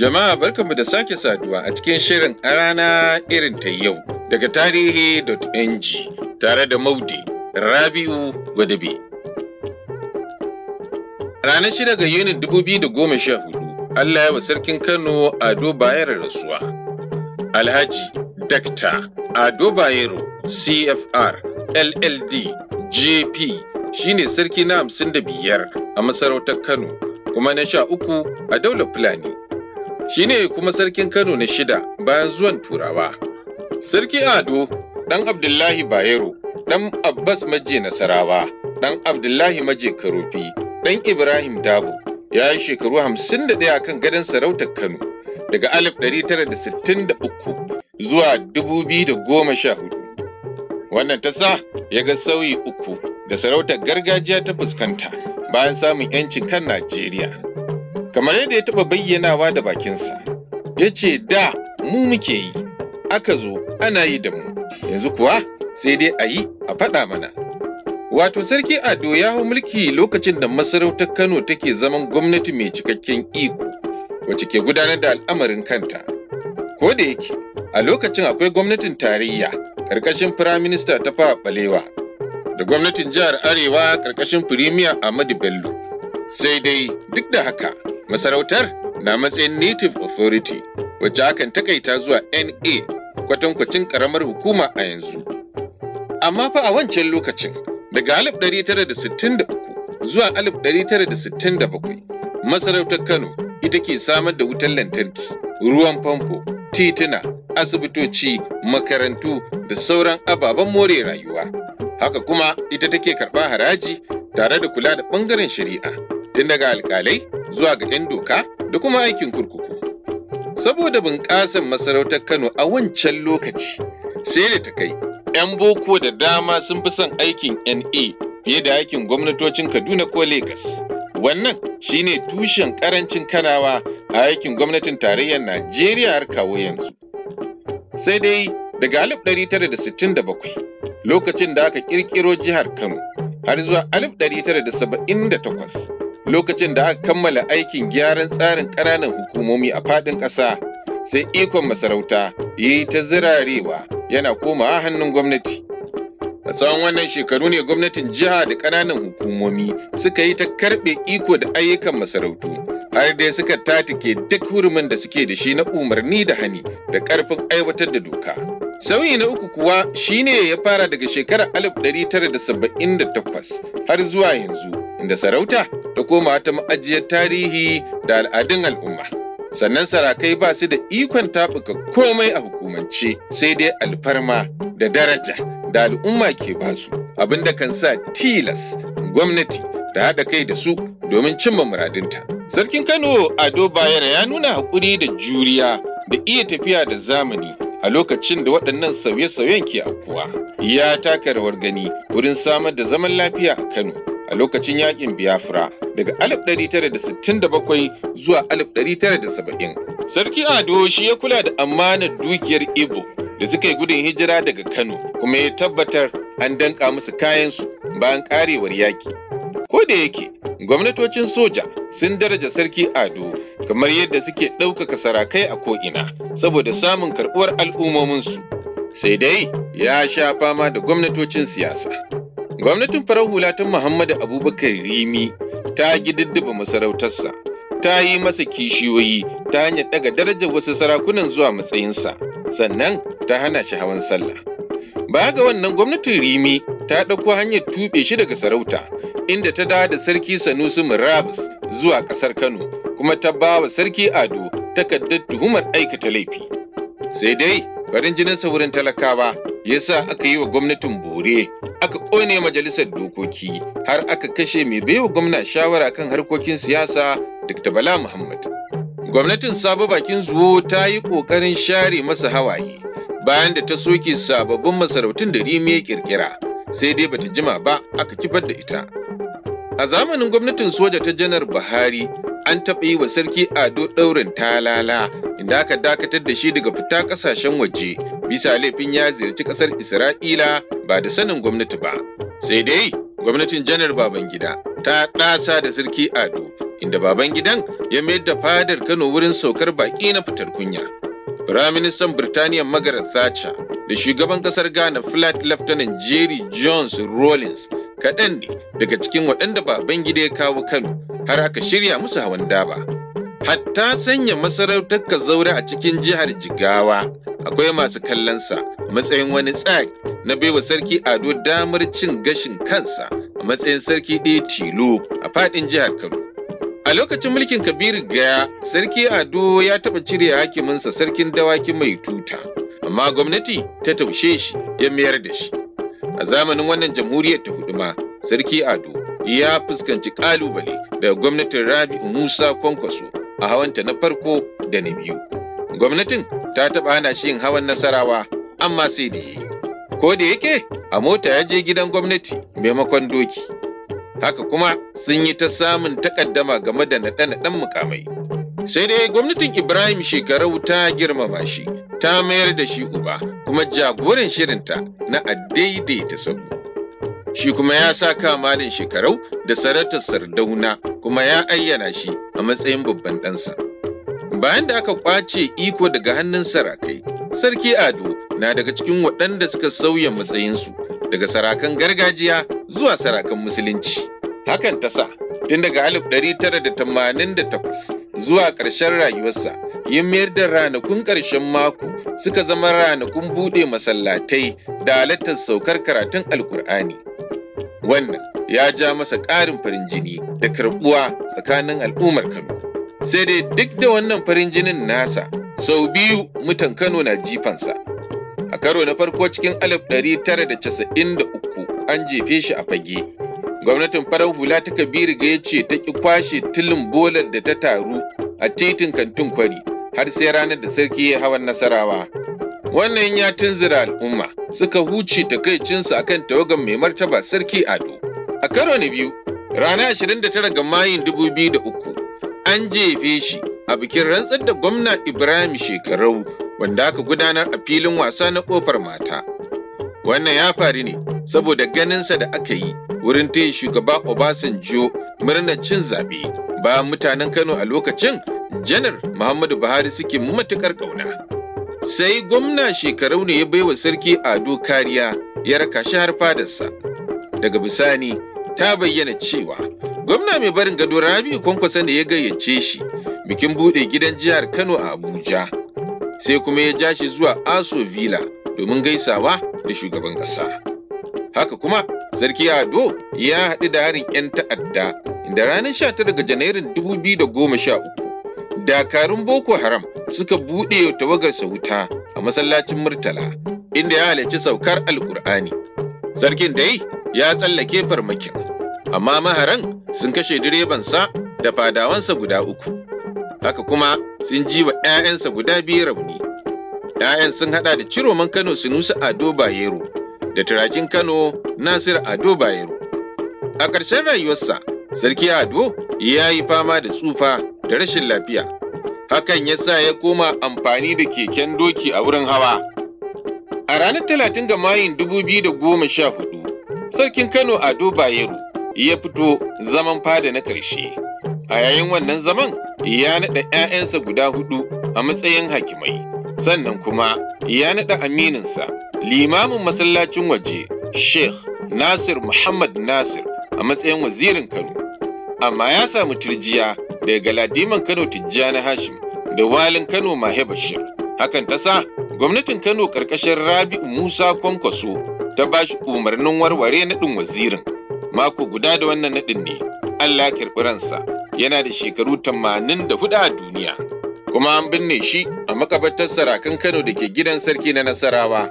Jama'a barkanmu da sake saduwa a cikin shirin a rana irin ta yau daga tarihi.ng tare da Maudi Rabi'u Wadabe. Ranar shida ga Yunin 2014 Allah ya wa sarkin Kano Ado Bayero rasuwa. Alhaji Dakta Ado Bayero CFR LLD JP shine sarki na 55 a masarautar Kano kuma na sha uku a daular Fulani. Shi ne kuma sarkin Kano na shida bayan zuwan Turawa. Sarki Ado ɗan Abdullahi Bayero, ɗan Abbas Maje Nasarawa, ɗan Abdullahi Maje Karofi, ɗan Ibrahim Dabo ya yi shekaru 51 ɗaya kan gadon sarautar Kano daga alif ɗari tara 1963 zuwa 2014. Wannan ta sa ya ga sauyi uku da sarautar gargajiya ta fuskanta bayan samun 'yancin kan Najeriya. Kamar yadda ya taɓa bayyanawa da bakinsa, ya ce da mu muke yi, aka zo ana yi da mu, yanzu kuwa sai dai a yi a faɗa mana. Wato Sarki Ado ya hau mulki lokacin da masarautar Kano take zaman gwamnati mai cikakken iko, wacce ke gudanar da al'amarin kanta. Ko da yake, a lokacin akwai gwamnatin tarayya ƙarƙashin firaminista ta fa balewa da gwamnatin jihar arewa ƙarƙashin firimiya ahmadu bello sai dai duk da haka Masarautar na matsayin Native Authority wacce akan takaita zuwa NA kwatankwacin ƙaramar hukuma a yanzu. Amma fa a wancan lokacin daga 1963 zuwa 1967 masarautar Kano ita ke samar da wutar lantarki, ruwan famfo, tituna, asibitoci, makarantu da sauran ababen more rayuwa. Haka kuma ita take karɓa haraji tare da kula da ɓangaren shari'a tun daga alƙalai zuwa ga 'yan doka da kuma aikin kurkuku. Saboda bunƙasar masarautar Kano a wancan lokaci, sai da ta kai, 'yan boko da dama sun fi son aikin NA fiye da aikin gwamnatocin Kaduna ko Legas. Wannan shi ne tushen ƙarancin kanawa a aikin gwamnatin tarayyar Najeriya har kawo yanzu. Sai dai daga 1967 lokacin da aka ƙirƙiro jihar Kano har zuwa 1978 lokacin da aka kammala aikin gyaran tsarin ƙananan hukumomi a faɗin ƙasa sai ikon masarauta ya yi ta zirarewa yana komawa hannun gwamnati a tsawon wannan shekaru ne gwamnatin jiha da ƙananan hukumomi suka yi ta karɓe iko da ayyukan masarautu har dai suka tatike duk hurumin da suke da shi na umarni da hani da ƙarfin aiwatar da doka. Sauyi na uku kuwa shine ya fara daga shekarar takwas, har zuwa yanzu inda sarauta ta koma ta ma'ajiyar tarihi da al'adun al'umma. Sannan sarakai ba su da ikon taɓuka komai a hukumance sai dai alfarma da daraja da al'umma ke ba basu da kan sa tilas gwamnati ta haɗa kai da su domin cimma muradinta. Sarkin Kano Ado Bayero ya nuna haƙuri da juriya da iya tafiya da zamani a lokacin da waɗannan sauye-sauyen ke akuwa. Ya taka rawar gani wurin samar da zaman lafiya a Kano. a lokacin yakin Biafra daga 1967 zuwa 1970. Sarki Ado shi ya kula da amanar dukiyar Igbo da suka yi gudun hijira daga Kano kuma ya tabbatar an danka musu kayansu bayan karewar yaki. Ko da yake gwamnatocin soja sun daraja sarki Ado kamar yadda suke ɗaukaka sarakai a ko'ina saboda samun karɓuwar al'ummominsu. Sai dai ya sha fama da gwamnatocin siyasa. Gwamnatin farar hula ta Muhammadu Abubakar Rimi ta gididdiba masarautarsa, ta yi masa kishiyoyi ta hanyar daga darajar wasu sarakunan zuwa matsayinsa, sannan ta hana shi hawan sallah. Ba ga wannan gwamnatin Rimi ta ɗauko hanyar tuɓe shi daga sarauta, inda ta dawo da sarki Sanusi Murabus zuwa ƙasar Kano, kuma ta ba wa sarki Ado takardar tuhumar aikata laifi. Sai dai farin jininsa wurin talakawa yasa aka yi wa gwamnatin bore aka ƙone majalisar dokoki har aka kashe mai baiwa gwamna shawara kan harkokin siyasa dr bala muhammad gwamnatin sabo bakin zuwo ta yi ƙoƙarin share masa hawaye bayan da ta soke sababbin masarautun da rime kirkira sai dai bata jima ba aka kifar da ita a zamanin gwamnatin soja ta janar buhari an taɓa yi wa sarki ado ɗaurin talala inda aka dakatar da shi daga fita ƙasashen waje bisa laifin ya ziyarci ƙasar isra'ila ba da sanin gwamnati ba sai dai gwamnatin janar babangida ta ɗasa da sarki ado inda babangidan ya mayar da fadar kano wurin saukar baƙi na fitar kunya Firaministan Birtaniya Margaret Thatcher da shugaban ƙasar Ghana Flat Lieutenant Jerry Jones Rawlings kaɗan ne daga cikin waɗanda Babangida ya kawo Kano har aka shirya musu hawan daba. Hatta sanya masarautar ka zaure a cikin jihar Jigawa akwai masu kallonsa a matsayin wani tsari na baiwa sarki Ado damar cin gashin kansa a matsayin sarki ɗaya tilo a faɗin jihar Kano. A lokacin mulkin Kabiru Gaya, Sarki Ado ya taɓa cire hakiminsa Sarkin Dawaki mai tuta, amma gwamnati ta taushe shi ya mayar da shi. A zamanin wannan jamhuriyar ta huduma, Sarki Ado ya fuskanci kalubale daga gwamnatin Rabi'u Musa Kwankwaso a hawanta na farko da na biyu. Gwamnatin ta taɓa hana shi yin hawan nasarawa amma sai da yi. Ko da yake a mota ya je gidan gwamnati maimakon doki. Haka kuma sun yi ta samun takaddama game da naɗe-naɗen mukamai. Sai dai gwamnatin Ibrahim shekarau ta girmama shi, ta mayar da shi uba kuma jagoran shirinta na a daidaita sabu. shi kuma ya sa ka malin shekarau da sarautar sardauna kuma ya ayyana shi a matsayin babban ɗansa. Bayan da aka kwace iko daga hannun sarakai, Sarki Ado na daga cikin waɗanda suka sauya matsayinsu daga sarakan gargajiya zuwa sarakan musulunci. Hakan ta sa, tun daga 1988 zuwa ƙarshen rayuwarsa, ya mayar da ranakun ƙarshen mako suka zama ranakun buɗe masallatai da halattar saukar karatun Alƙur'ani. Wannan ya ja masa ƙarin farin jini da karɓuwa tsakanin al'ummar Kano. Sai dai duk da wannan farin jinin nasa, sau biyu mutan Kano na jifansa. A karo na farko cikin 1993 an jefe shi a fage. Gwamnatin farar hula ta Kabiru ga ce ta ƙi kwashe tilin bolar da ta taru a titin kantin kwari har sai ranar da sarki ya hawan nasarawa. Wannan ya tunzura al'umma suka huce takaicinsu a kan tawagan mai martaba sarki Ado. A karo na biyu, ranar 29 ga Mayun 2003, an jefe shi a bikin rantsar da gwamna Ibrahim Shekarau wanda aka gudanar a filin wasa na kofar mata. Wannan ya faru ne saboda ganinsa da aka yi wurin taya shugaba Obasanjo murnar cin zaɓe bayan mutanen Kano a lokacin janar Muhammadu Buhari suke matuƙar ƙauna. sai gwamna shekaru ne ya baiwa sarki ado kariya ya raka shi har fadarsa daga bisani ta bayyana cewa gwamna mai barin gado rabiu kwankwasa ne ya gayyace shi bikin buɗe gidan jihar kano a abuja sai kuma ya ja shi zuwa aso villa domin gaisawa da shugaban ƙasa haka kuma sarki ado ya haɗu da harin 'yan ta'adda inda ranar 19 ga janairun 2013 dakarun boko haram suka buɗe tawagarsa wuta a masallacin murtala inda ya halarci saukar alkur'ani sarkin dai ya tsallake farmakin amma maharan sun kashe direbansa da fadawansa guda uku haka kuma sun ji wa 'ya'yansa guda biyu rauni 'ya'yan sun haɗa da ciroman kano sunusu ado bayero da turakin kano nasir ado bayero a ƙarshen rayuwarsa sarki ado ya yi fama da tsufa da rashin lafiya. Hakan ya sa ya koma amfani da keken doki a wurin hawa. A ranar talatin ga Mayun da goma sha hudu, Sarkin Kano Ado Bayero ya fito zaman fada na ƙarshe. A yayin wannan zaman ya naɗa 'ya'yansa guda hudu a matsayin hakimai, sannan kuma ya naɗa amininsa limamin masallacin waje Sheikh Nasir Muhammad Nasir a matsayin wazirin Kano. Amma ya samu turjiya daga galadiman Kano Tijjani Hashim da walin Kano Mahe Bashir. Hakan ta sa gwamnatin Kano karkashin Rabi'u Musa Kwankwaso ta ba shi umarnin warware naɗin wazirin. Mako guda da wannan naɗin ne, Allah karɓi yana da shekaru tamanin da hudu a duniya. Kuma an binne shi a makabartar sarakan Kano da ke gidan sarki na Nasarawa.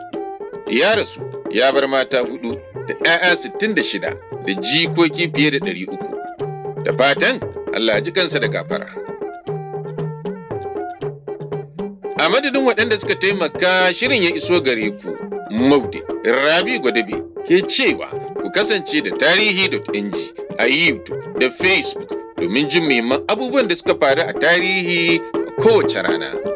Ya rasu ya bar mata hudu da 'ya'ya sittin da shida da jikoki fiye da ɗari uku. Da fatan Allah ji kansa da gafara. A madadin waɗanda suka taimaka shirin ya iso gare ku, Maude, Rabi Gwadabe, ke cewa ku kasance da tarihi tarihi.ng a YouTube da Facebook domin jin muhimman abubuwan da suka faru a tarihi kowace rana.